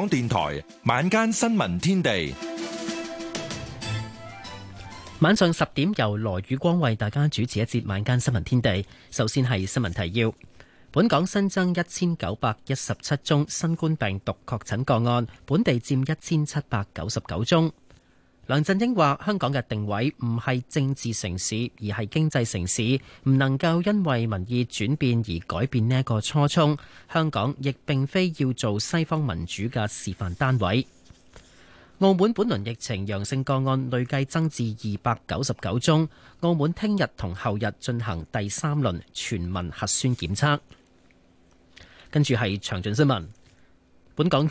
港電台晚間新聞天地，晚上十點由羅宇光為大家主持一節晚間新聞天地。首先係新聞提要。本港新增一千九百一十七宗新冠病毒確診個案，本地占一千七百九十九宗。梁振英話：香港嘅定位唔係政治城市，而係經濟城市，唔能夠因為民意轉變而改變呢一個初衷。香港亦並非要做西方民主嘅示範單位。澳門本輪疫情陽性個案累計增至二百九十九宗，澳門聽日同後日進行第三輪全民核酸檢測。跟住係詳盡新聞，本港。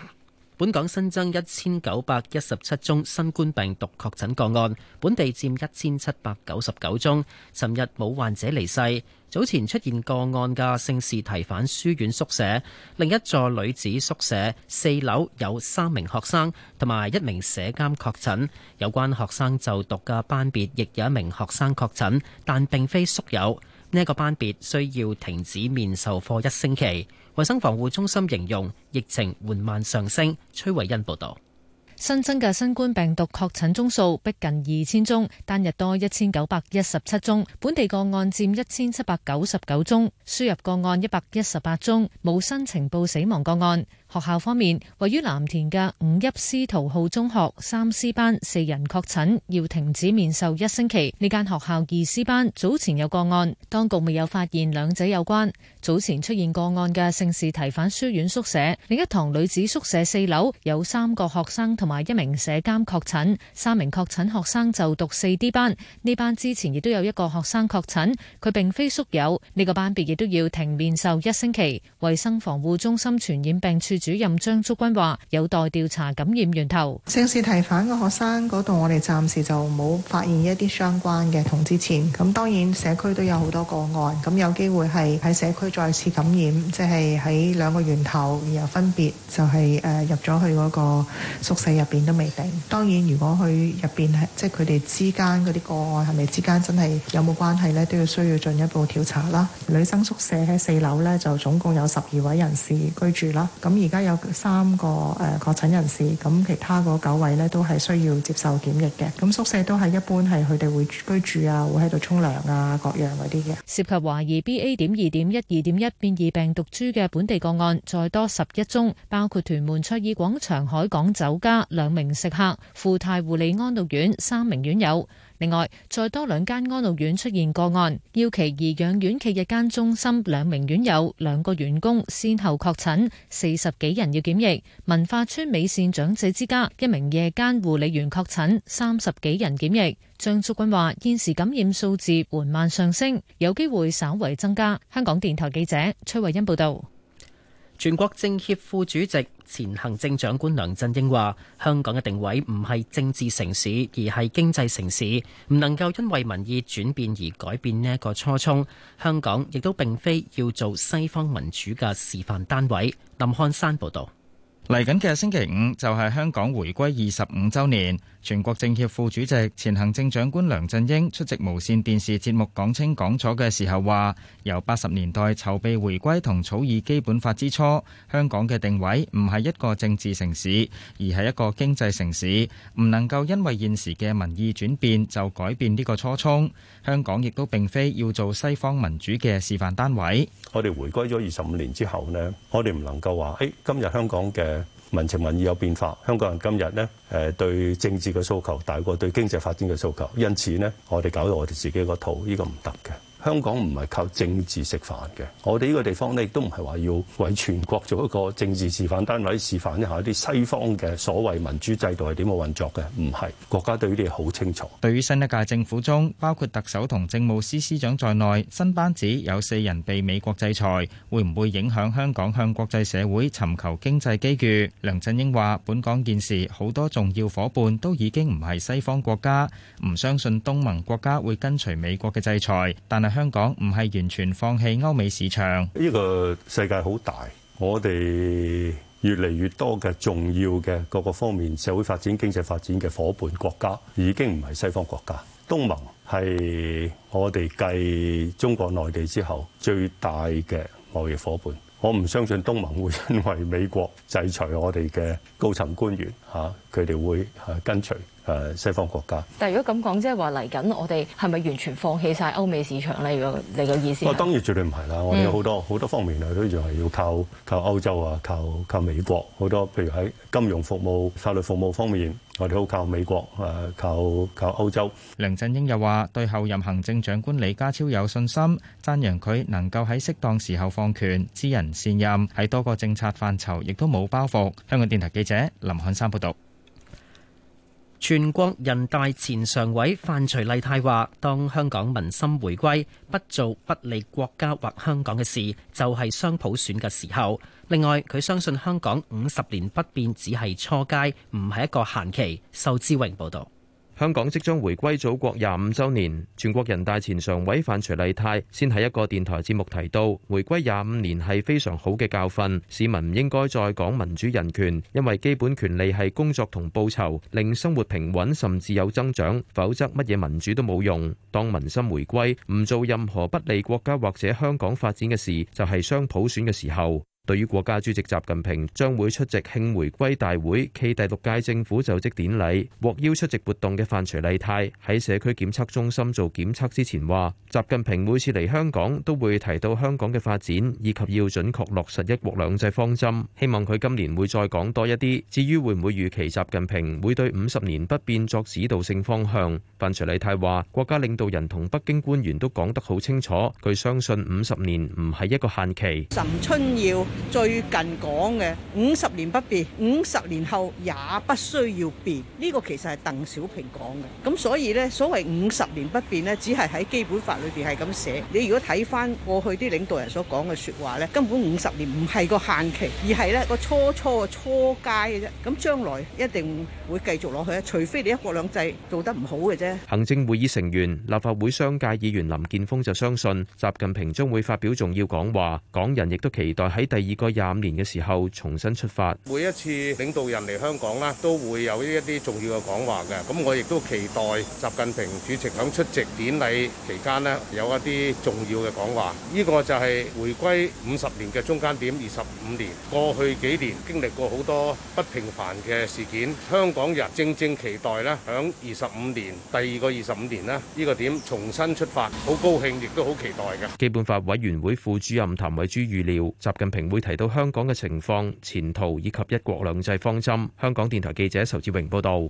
本港新增一千九百一十七宗新冠病毒確診個案，本地佔一千七百九十九宗。尋日冇患者離世。早前出現個案嘅聖士提反書院宿舍，另一座女子宿舍四樓有三名學生同埋一名舍監確診，有關學生就讀嘅班別亦有一名學生確診，但並非宿友。呢、這個班別需要停止面授課一星期。衛生防護中心形容疫情緩慢上升。崔偉恩報道：新增嘅新冠病毒確診宗數逼近二千宗，單日多一千九百一十七宗，本地個案佔一千七百九十九宗，輸入個案一百一十八宗，冇新情報死亡個案。學校方面，位於藍田嘅五邑司徒浩中學三 C 班四人確診，要停止面授一星期。呢間學校二 C 班早前有個案，當局未有發現兩者有關。早前出現個案嘅聖士提反書院宿舍，另一堂女子宿舍四樓有三個學生同埋一名舍監確診，三名確診學生就讀四 D 班，呢班之前亦都有一個學生確診，佢並非宿友，呢個班別亦都要停面授一星期。衛生防護中心傳染病處。主任張竹君話：有待調查感染源頭。上次提返個學生嗰度，我哋暫時就冇發現一啲相關嘅同之前。咁當然社區都有好多個案，咁有機會係喺社區再次感染，即係喺兩個源頭然後分別就係、是、誒、呃、入咗去嗰個宿舍入邊都未定。當然，如果佢入邊係即係佢哋之間嗰啲個案係咪之間真係有冇關係呢？都要需要進一步調查啦。女生宿舍喺四樓呢，就總共有十二位人士居住啦。咁而家有三個誒確診人士，咁其他嗰九位咧都係需要接受檢疫嘅。咁宿舍都係一般係佢哋會居住啊，會喺度沖涼啊，各樣嗰啲嘅。涉及懷疑 BA. 點二點十二點一變異病毒株嘅本地個案，再多十一宗，包括屯門卓爾廣場海港酒家兩名食客、富泰護理安老院三名院友。另外，再多兩間安老院出現個案，要其兒養院暨日間中心兩名院友、兩個員工，先後確診，四十幾人要檢疫。文化村美善長者之家一名夜間護理員確診，三十幾人檢疫。張竹君話現時感染數字緩慢上升，有機會稍為增加。香港電台記者崔慧欣報道。全國政協副主席、前行政長官梁振英話：香港嘅定位唔係政治城市，而係經濟城市，唔能夠因為民意轉變而改變呢一個初衷。香港亦都並非要做西方民主嘅示範單位。林漢山報導。嚟緊嘅星期五就係香港回歸二十五週年。全國政協副主席、前行政長官梁振英出席無綫電視節目講清講楚嘅時候話：由八十年代籌備回歸同草擬基本法之初，香港嘅定位唔係一個政治城市，而係一個經濟城市。唔能夠因為現時嘅民意轉變就改變呢個初衷。香港亦都並非要做西方民主嘅示範單位。我哋回歸咗二十五年之後呢，我哋唔能夠話誒，今日香港嘅。民情民意有變化，香港人今日咧誒對政治嘅訴求大過對經濟發展嘅訴求，因此呢我哋搞到我哋自己個套，呢、呢個唔得嘅。香港唔係靠政治食飯嘅，我哋呢個地方咧亦都唔係話要為全國做一個政治示範單位，示範一下啲西方嘅所謂民主制度係點樣運作嘅，唔係，國家對於呢啲好清楚。對於新一屆政府中，包括特首同政務司司長在內，新班子有四人被美國制裁，會唔會影響香港向國際社會尋求經濟機遇？梁振英話本港現時好多重要夥伴都已經唔係西方國家，唔相信東盟國家會跟隨美國嘅制裁，但係。香港唔係完全放棄歐美市場。呢個世界好大，我哋越嚟越多嘅重要嘅各個方面社會發展、經濟發展嘅伙伴國家已經唔係西方國家。東盟係我哋繼中國內地之後最大嘅貿易伙伴。我唔相信東盟會因為美國制裁我哋嘅高層官員。嚇佢哋會嚇跟隨誒西方國家。但係如果咁講，即係話嚟緊，我哋係咪完全放棄晒歐美市場咧？如果你個意思？我當然絕對唔係啦。我哋有好多好多方面啊，都仲係要靠靠歐洲啊，靠靠美國。好多譬如喺金融服務、法律服務方面，我哋都好靠美國誒，靠靠歐洲。梁振英又話：對後任行政長官李家超有信心，讚揚佢能夠喺適當時候放權、知人善任，喺多個政策範疇亦都冇包袱。香港電台記者林漢山報導。全國人大前常委范徐麗泰話：當香港民心回歸，不做不利國家或香港嘅事，就係雙普選嘅時候。另外，佢相信香港五十年不變只係初階，唔係一個限期。仇志榮報道。香港即將回歸祖國廿五周年，全國人大前常委范徐麗泰先喺一個電台節目提到，回歸廿五年係非常好嘅教訓，市民唔應該再講民主人權，因為基本權利係工作同報酬，令生活平穩甚至有增長，否則乜嘢民主都冇用。當民心回歸，唔做任何不利國家或者香港發展嘅事，就係雙普選嘅時候。對於國家主席習近平將會出席慶回歸大會暨第六屆政府就職典禮，獲邀出席活動嘅范徐麗泰喺社區檢測中心做檢測之前話：習近平每次嚟香港都會提到香港嘅發展以及要準確落實一國兩制方針，希望佢今年會再講多一啲。至於會唔會預期習近平會對五十年不變作指導性方向，范徐麗泰話：國家領導人同北京官員都講得好清楚，佢相信五十年唔係一個限期。岑春耀。最近講嘅五十年不變，五十年後也不需要變。呢個其實係鄧小平講嘅。咁所以呢，所謂五十年不變呢，只係喺基本法裏邊係咁寫。你如果睇返過去啲領導人所講嘅說話呢，根本五十年唔係個限期，而係呢個初初嘅初階嘅啫。咁將來一定會繼續落去，除非你一國兩制做得唔好嘅啫。行政會議成員、立法會商界議員林建峰就相信習近平將會發表重要講話，港人亦都期待喺第二二個廿五年嘅時候重新出發。每一次領導人嚟香港啦，都會有呢一啲重要嘅講話嘅。咁我亦都期待習近平主席響出席典禮期間咧，有一啲重要嘅講話。依個就係回歸五十年嘅中間點，二十五年。過去幾年經歷過好多不平凡嘅事件，香港人正正期待咧，響二十五年第二個二十五年啦，依個點重新出發，好高興，亦都好期待嘅。基本法委員會副主任譚惠珠預料，習近平會提到香港嘅情況、前途以及一國兩制方針，香港電台記者仇志榮報道。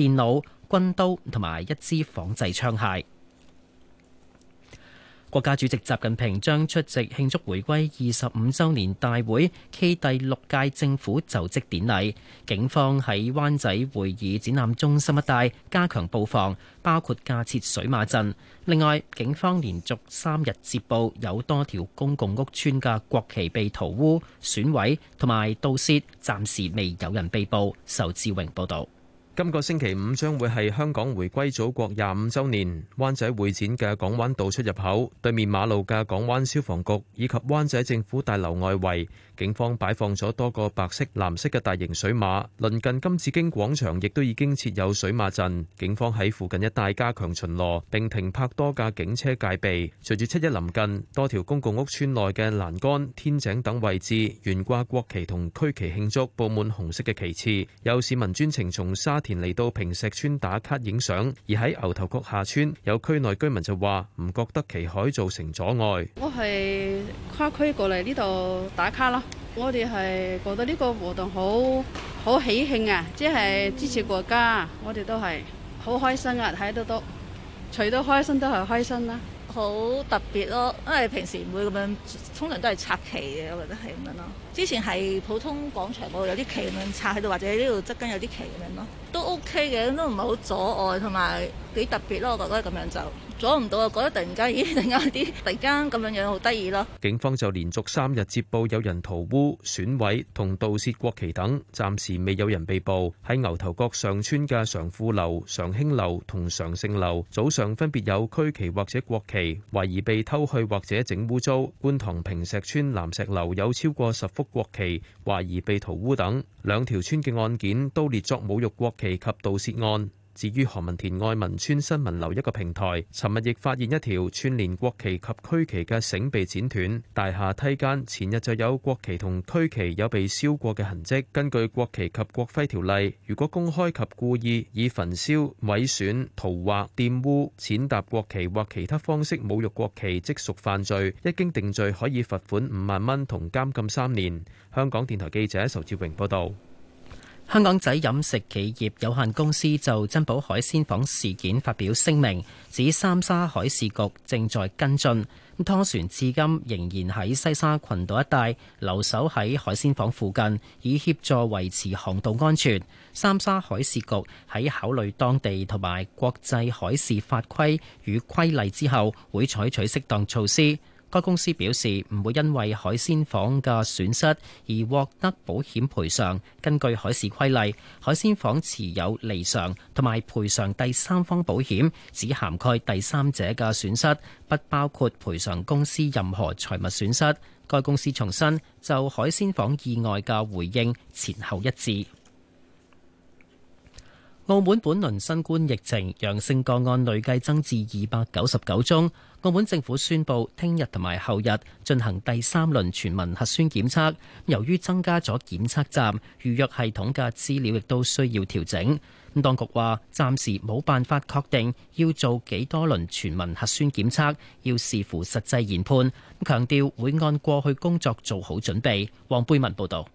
電腦、軍刀同埋一支仿製槍械。國家主席習近平將出席慶祝回歸二十五週年大會暨第六屆政府就職典禮。警方喺灣仔會議展覽中心一帶加強布防，包括架設水馬陣。另外，警方連續三日接報有多條公共屋邨嘅國旗被塗污、損毀同埋盜竊，暫時未有人被捕。仇志榮報導。今個星期五將會係香港回歸祖國廿五週年，灣仔會展嘅港灣道出入口對面馬路嘅港灣消防局以及灣仔政府大樓外圍，警方擺放咗多個白色、藍色嘅大型水馬。鄰近金紫荊廣場亦都已經設有水馬陣，警方喺附近一帶加強巡邏，並停泊多架警車戒備。隨住七一臨近，多條公共屋邨內嘅欄杆、天井等位置懸掛國旗同區旗慶祝，佈滿紅色嘅旗幟。有市民專程從沙田嚟到平石村打卡影相，而喺牛頭角下村有區內居民就話唔覺得旗海造成阻礙。我係跨區過嚟呢度打卡咯，我哋係覺得呢個活動好好喜慶啊！即係支持國家，我哋都係好開心啊！睇到都除咗開心都係開心啦、啊，好特別咯、啊，因為平時唔會咁樣，通常都係插旗嘅，我覺得係咁樣。之前係普通廣場嗰度有啲旗咁樣插喺度，或者呢度側邊有啲旗咁樣咯，都 OK 嘅，都唔係好阻礙，同埋幾特別咯，我覺得咁樣就阻唔到啊！我覺得突然間咦，突然間有啲突然間咁樣樣好得意咯。警方就連續三日接報有人塗污、損毀同盜竊國旗等，暫時未有人被捕。喺牛頭角上村嘅常富樓、常興樓同常盛樓早上分別有區旗或者國旗懷疑被偷去或者整污糟。觀塘平石村藍石樓有超過十國旗、懷疑被塗污等，兩條村嘅案件都列作侮辱國旗及盜竊案。至於何文田愛民村新民樓一個平台，尋日亦發現一條串連國旗及區旗嘅繩被剪斷。大廈梯間前日就有國旗同區旗有被燒過嘅痕跡。根據國旗及國徽條例，如果公開及故意以焚燒、毀損、塗畫、玷污、踐踏國旗或其他方式侮辱國旗，即屬犯罪。一經定罪，可以罰款五萬蚊同監禁三年。香港電台記者仇志榮報道。香港仔飲食企業有限公司就珍寶海鮮舫事件發表聲明，指三沙海事局正在跟進。拖船至今仍然喺西沙群島一帶留守喺海鮮舫附近，以協助維持航道安全。三沙海事局喺考慮當地同埋國際海事法規與規例之後，會採取適當措施。該公司表示唔會因為海鮮舫嘅損失而獲得保險賠償。根據海事規例，海鮮舫持有離償同埋賠償第三方保險只涵蓋第三者嘅損失，不包括賠償公司任何財物損失。該公司重申就海鮮舫意外嘅回應前後一致。澳門本輪新冠疫情陽性個案累計增至二百九十九宗。澳門政府宣布，聽日同埋後日進行第三輪全民核酸檢測。由於增加咗檢測站，預約系統嘅資料亦都需要調整。咁當局話，暫時冇辦法確定要做幾多輪全民核酸檢測，要視乎實際研判。咁強調會按過去工作做好準備。黃貝文報道。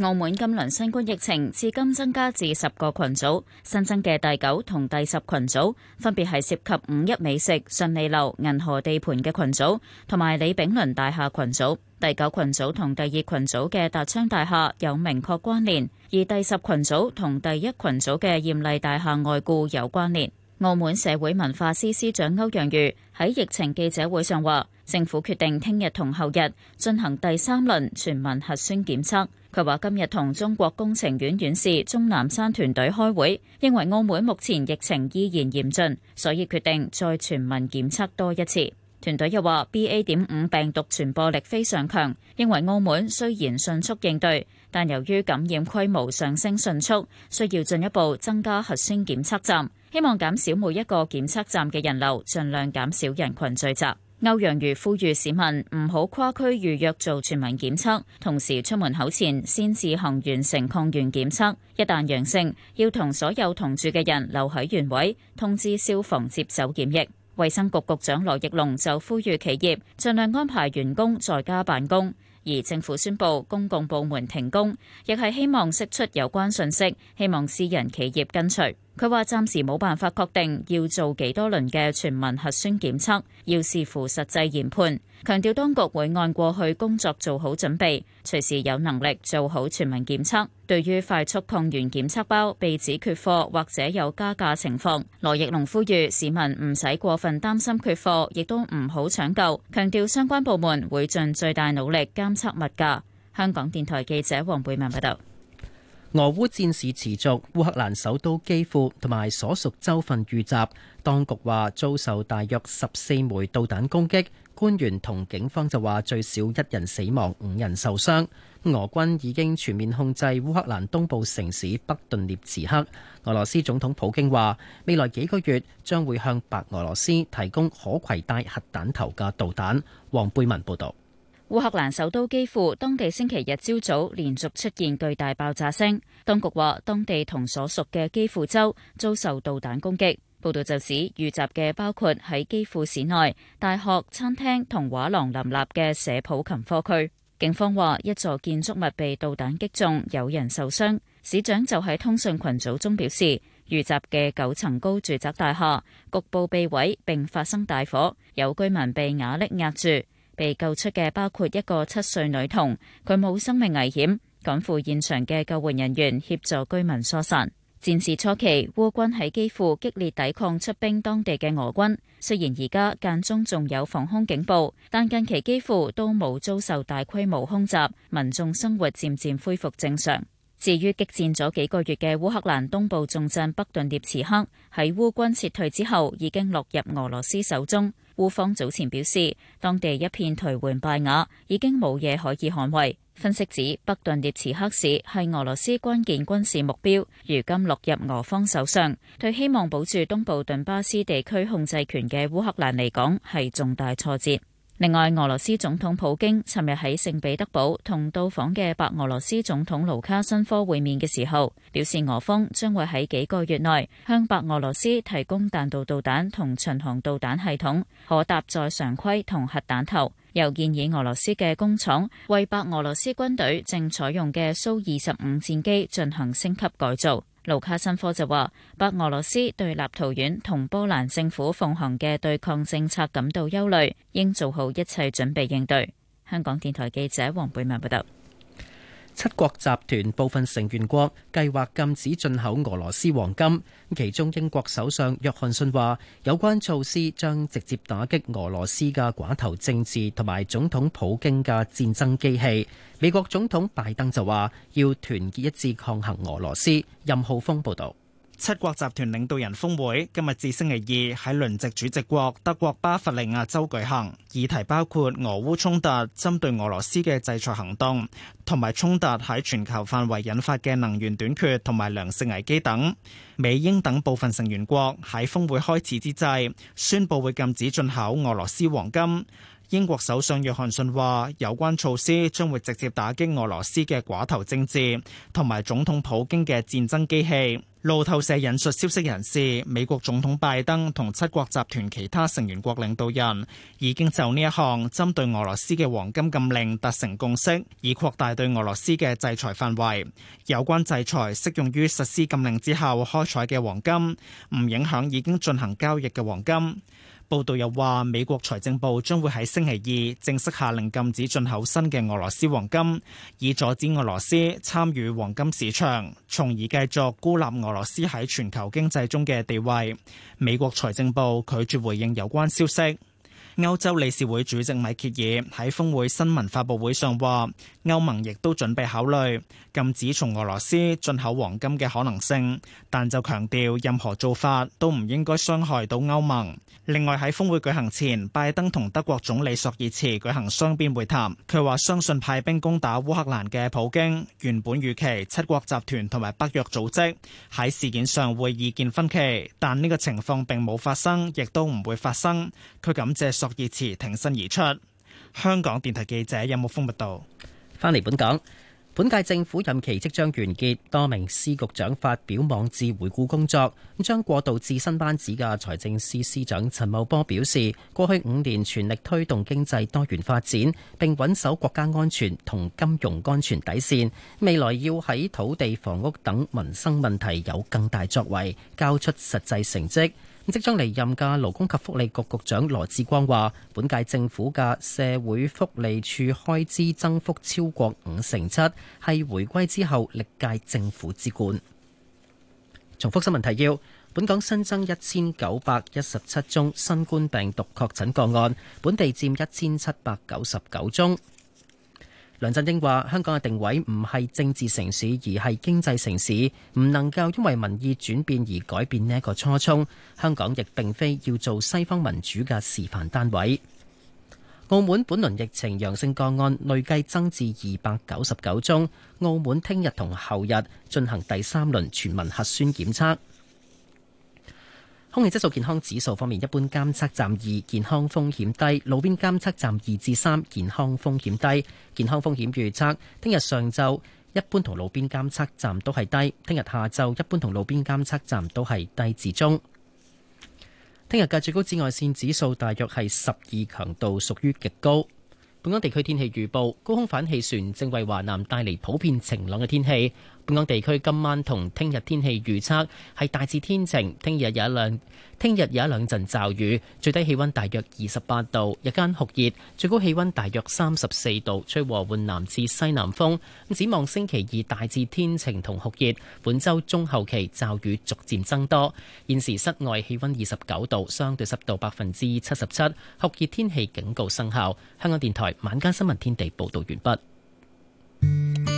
澳門今輪新冠疫情至今增加至十個群組，新增嘅第九同第十群組，分別係涉及五一美食、順利樓、銀河地盤嘅群組，同埋李炳麟大廈群組。第九群組同第二群組嘅達昌大廈有明確關聯，而第十群組同第一群組嘅艷麗大廈外雇有關聯。澳門社會文化司司長歐陽瑜喺疫情記者會上話。政府決定聽日同後日進行第三輪全民核酸檢測。佢話：今日同中國工程院院士鍾南山團隊開會，認為澳門目前疫情依然嚴峻，所以決定再全民檢測多一次。團隊又話：BA 點五病毒傳播力非常強，認為澳門雖然迅速應對，但由於感染規模上升迅速，需要進一步增加核酸檢測站，希望減少每一個檢測站嘅人流，盡量減少人群聚集。歐陽瑜呼籲市民唔好跨區預約做全民檢測，同時出門口前先自行完成抗原檢測。一旦陽性，要同所有同住嘅人留喺原位，通知消防接手檢疫。衛生局局長羅奕龍就呼籲企業盡量安排員工在家辦公，而政府宣佈公共部門停工，亦係希望釋出有關信息，希望私人企業跟隨。佢話：暫時冇辦法確定要做幾多輪嘅全民核酸檢測，要視乎實際研判。強調當局會按過去工作做好準備，隨時有能力做好全民檢測。對於快速抗原檢測包被指缺貨或者有加價情況，羅奕龍呼籲市民唔使過分擔心缺貨，亦都唔好搶購。強調相關部門會盡最大努力監測物價。香港電台記者黃貝文報道。俄烏戰事持續，烏克蘭首都基輔同埋所屬州份遇襲，當局話遭受大約十四枚導彈攻擊，官員同警方就話最少一人死亡，五人受傷。俄軍已經全面控制烏克蘭東部城市北頓涅茨克。俄羅斯總統普京話，未來幾個月將會向白俄羅斯提供可攜帶核彈頭嘅導彈。黃貝文報導。烏克蘭首都基輔當地星期日朝早連續出現巨大爆炸聲，當局話當地同所屬嘅基輔州遭受導彈攻擊。報道就指遇襲嘅包括喺基輔市內大學、餐廳同畫廊林立嘅舍普琴科區。警方話一座建築物被導彈擊中，有人受傷。市長就喺通訊群組中表示，遇襲嘅九層高住宅大廈局部被毀，並發生大火，有居民被瓦礫壓住。被救出嘅包括一個七歲女童，佢冇生命危險。趕赴現場嘅救援人員協助居民疏散。戰事初期，烏軍喺基輔激烈抵抗出兵當地嘅俄軍。雖然而家間中仲有防空警報，但近期基輔都冇遭受大規模空襲，民眾生活漸漸恢復正常。至於激戰咗幾個月嘅烏克蘭東部重鎮北頓涅茨克，喺烏軍撤退之後已經落入俄羅斯手中。烏方早前表示，當地一片頹垣敗瓦，已經冇嘢可以捍衛。分析指，北頓涅茨克市係俄羅斯關鍵軍事目標，如今落入俄方手上，對希望保住東部頓巴斯地區控制權嘅烏克蘭嚟講，係重大挫折。另外，俄羅斯總統普京尋日喺聖彼得堡同到訪嘅白俄羅斯總統盧卡申科會面嘅時候，表示俄方將會喺幾個月內向白俄羅斯提供彈道導彈同巡航導彈系統，可搭載常規同核彈頭，又建議俄羅斯嘅工廠為白俄羅斯軍隊正採用嘅蘇二十五戰機進行升級改造。盧卡申科就話：白俄羅斯對立陶宛同波蘭政府奉行嘅對抗政策感到憂慮，應做好一切準備應對。香港電台記者黃貝文報道。七國集團部分成員國計劃禁止進口俄羅斯黃金，其中英國首相約翰遜話：有關措施將直接打擊俄羅斯嘅寡頭政治同埋總統普京嘅戰爭機器。美國總統拜登就話：要團結一致抗衡俄羅斯。任浩峰報導。七國集團領導人峰會今日至星期二喺輪值主席國德國巴伐利亞州舉行，議題包括俄烏衝突、針對俄羅斯嘅制裁行動，同埋衝突喺全球範圍引發嘅能源短缺同埋糧食危機等。美英等部分成員國喺峰會開始之際，宣布會禁止進口俄羅斯黃金。英國首相約翰遜話：有關措施將會直接打擊俄羅斯嘅寡頭政治同埋總統普京嘅戰爭機器。路透社引述消息人士，美國總統拜登同七國集團其他成員國領導人已經就呢一項針對俄羅斯嘅黃金禁令達成共識，以擴大對俄羅斯嘅制裁範圍。有關制裁適用於實施禁令之後開採嘅黃金，唔影響已經進行交易嘅黃金。報道又話，美國財政部將會喺星期二正式下令禁止進口新嘅俄羅斯黃金，以阻止俄羅斯參與黃金市場，從而繼續孤立俄羅斯喺全球經濟中嘅地位。美國財政部拒絕回應有關消息。歐洲理事會主席米歇爾喺峰會新聞發布會上話，歐盟亦都準備考慮禁止從俄羅斯進口黃金嘅可能性，但就強調任何做法都唔應該傷害到歐盟。另外喺峰會舉行前，拜登同德國總理朔爾茨舉行雙邊會談。佢話相信派兵攻打烏克蘭嘅普京，原本預期七國集團同埋北約組織喺事件上會意見分歧，但呢個情況並冇發生，亦都唔會發生。佢感謝朔爾茨挺身而出。香港電台記者任木峰報道。翻嚟本港。本屆政府任期即將完結，多名司局長發表網誌回顧工作。將過渡至新班子嘅財政司司長陳茂波表示，過去五年全力推動經濟多元發展，並穩守國家安全同金融安全底線。未來要喺土地、房屋等民生問題有更大作為，交出實際成績。即將離任嘅勞工及福利局局長羅致光話：本屆政府嘅社會福利署開支增幅超過五成七，係回歸之後歷屆政府之冠。重複新聞提要：本港新增一千九百一十七宗新冠病毒確診個案，本地占一千七百九十九宗。梁振英話：香港嘅定位唔係政治城市，而係經濟城市，唔能夠因為民意轉變而改變呢一個初衷。香港亦並非要做西方民主嘅示範單位。澳門本輪疫情陽性個案累計增至二百九十九宗，澳門聽日同後日進行第三輪全民核酸檢測。空氣質素健康指數方面，一般監測站二，健康風險低；路邊監測站二至三，健康風險低。健康風險預測：聽日上晝一般同路邊監測站都係低；聽日下晝一般同路邊監測站都係低至中。聽日嘅最高紫外線指數大約係十二強度，屬於極高。本港地區天氣預報：高空反氣旋正為華南帶嚟普遍晴朗嘅天氣。本港地區今晚同聽日天氣預測係大致天晴，聽日有一兩聽日有一兩陣驟雨，最低氣溫大約二十八度，日間酷熱，最高氣溫大約三十四度，吹和緩南至西南風。咁展望星期二大致天晴同酷熱，本周中後期驟雨逐漸增多。現時室外氣溫二十九度，相對濕度百分之七十七，酷熱天氣警告生效。香港電台《晚間新聞天地》報道完畢。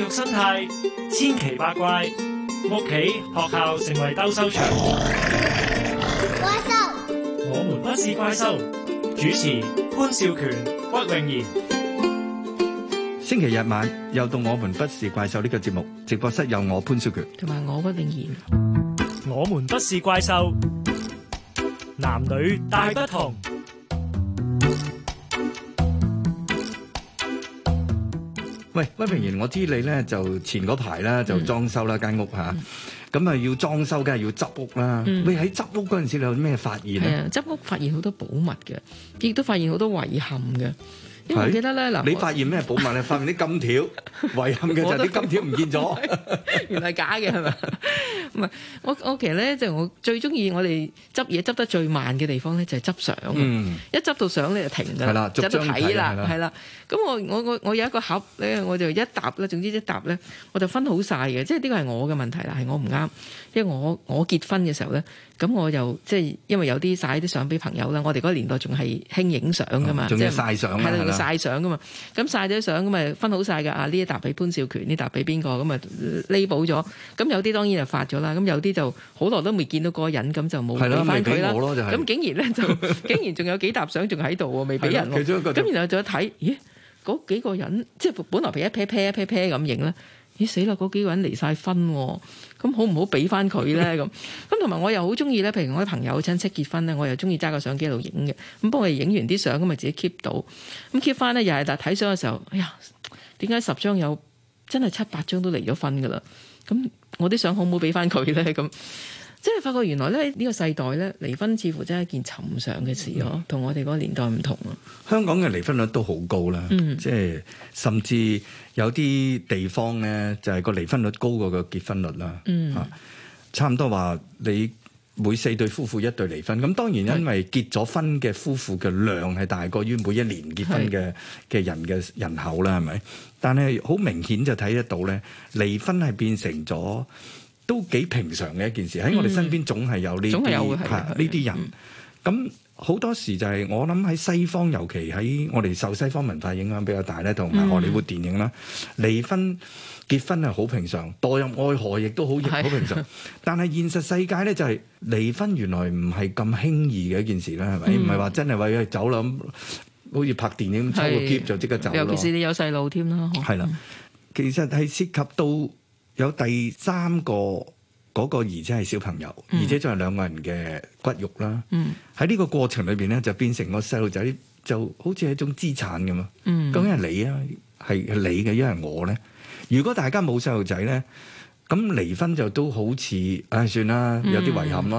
教育生態千奇百怪，屋企學校成為鬥獸場。怪獸，我們不是怪獸。主持潘少權、屈穎妍。星期日晚又到我們不是怪獸呢個節目，直播室有我潘少權，同埋我屈穎妍。我們不是怪獸，男女大不同。喂，溫明賢，我知你咧就前嗰排啦，就裝修啦間屋嚇，咁啊要裝修梗係要執屋啦。你喺執屋嗰陣時，你有啲咩發現啊？執屋發現好多寶物嘅，亦都發現好多遺憾嘅。因為記得咧嗱，你發現咩寶物啊？發現啲金條，遺憾嘅就係啲金條唔見咗，原來係假嘅係咪？唔係， 我我其實咧就我最中意我哋執嘢執得最慢嘅地方咧就係執相，嗯、一執到相咧就停啦，執到睇啦，係啦。咁我我 thirst 我我有一個盒咧，我就一疊啦，總之一疊咧，我就分好晒嘅，即係呢個係我嘅問題啦，係我唔啱，因為我我結婚嘅時候咧，咁我就即係因為有啲晒啲相俾朋友啦，我哋嗰年代仲係興影相噶嘛，即係晒相啊，係啦，要晒相噶嘛，咁晒咗相咁咪分好晒嘅，啊呢一疊俾潘少權，呢疊俾邊個，咁咪孭補咗，咁有啲當然就發咗。咁有啲就好耐都未見到嗰個人，咁就冇俾翻佢啦。咁竟然咧就， 竟然仲有幾沓相仲喺度喎，未俾人。咁然後再睇，咦？嗰幾個人即係本來譬一 pair pair pair pair 咁影咧，咦死啦！嗰幾個人離晒婚，咁、啊、好唔好俾翻佢咧？咁咁同埋我又好中意咧，譬如我啲朋友親戚結婚咧，我又中意揸個相機喺度影嘅。咁幫佢影完啲相，咁咪自己 keep 到。咁 keep 翻咧，又係但睇相嘅時候，哎呀，點解十張有真係七八張都離咗婚噶啦？咁我啲相好唔好俾翻佢咧？咁即係發覺原來咧呢、這個世代咧離婚似乎真係一件尋常嘅事咯，同、嗯、我哋嗰個年代唔同啊。香港嘅離婚率都好高啦，嗯、即係甚至有啲地方咧就係個離婚率高過個結婚率啦。嗯，啊、差唔多話你每四對夫婦一對離婚。咁當然因為結咗婚嘅夫婦嘅量係大過於每一年結婚嘅、嘅人嘅人口啦，係咪、嗯？嗯嗯但係好明顯就睇得到咧，離婚係變成咗都幾平常嘅一件事，喺我哋身邊總係有呢啲，呢啲人。咁好多時就係我諗喺西方，尤其喺我哋受西方文化影響比較大咧，同埋荷里活電影啦，離婚、結婚係好平常，墮入愛河亦都好好平常。但係現實世界咧就係離婚原來唔係咁輕易嘅一件事啦，係咪？唔係話真係為咗去走啦咁。好似拍電影咁抽個篋，就即刻走，尤其是你有細路添啦。係啦，其實係涉及到有第三個個、嗯、而且係小朋友，而且仲係兩個人嘅骨肉啦。嗯，喺呢個過程裏邊咧，就變成個細路仔就好似係一種資產咁啊。咁係，嗯、你啊，係係你嘅，因為我咧。如果大家冇細路仔咧，咁離婚就都好似誒，哎，算啦，有啲遺憾咯。嗯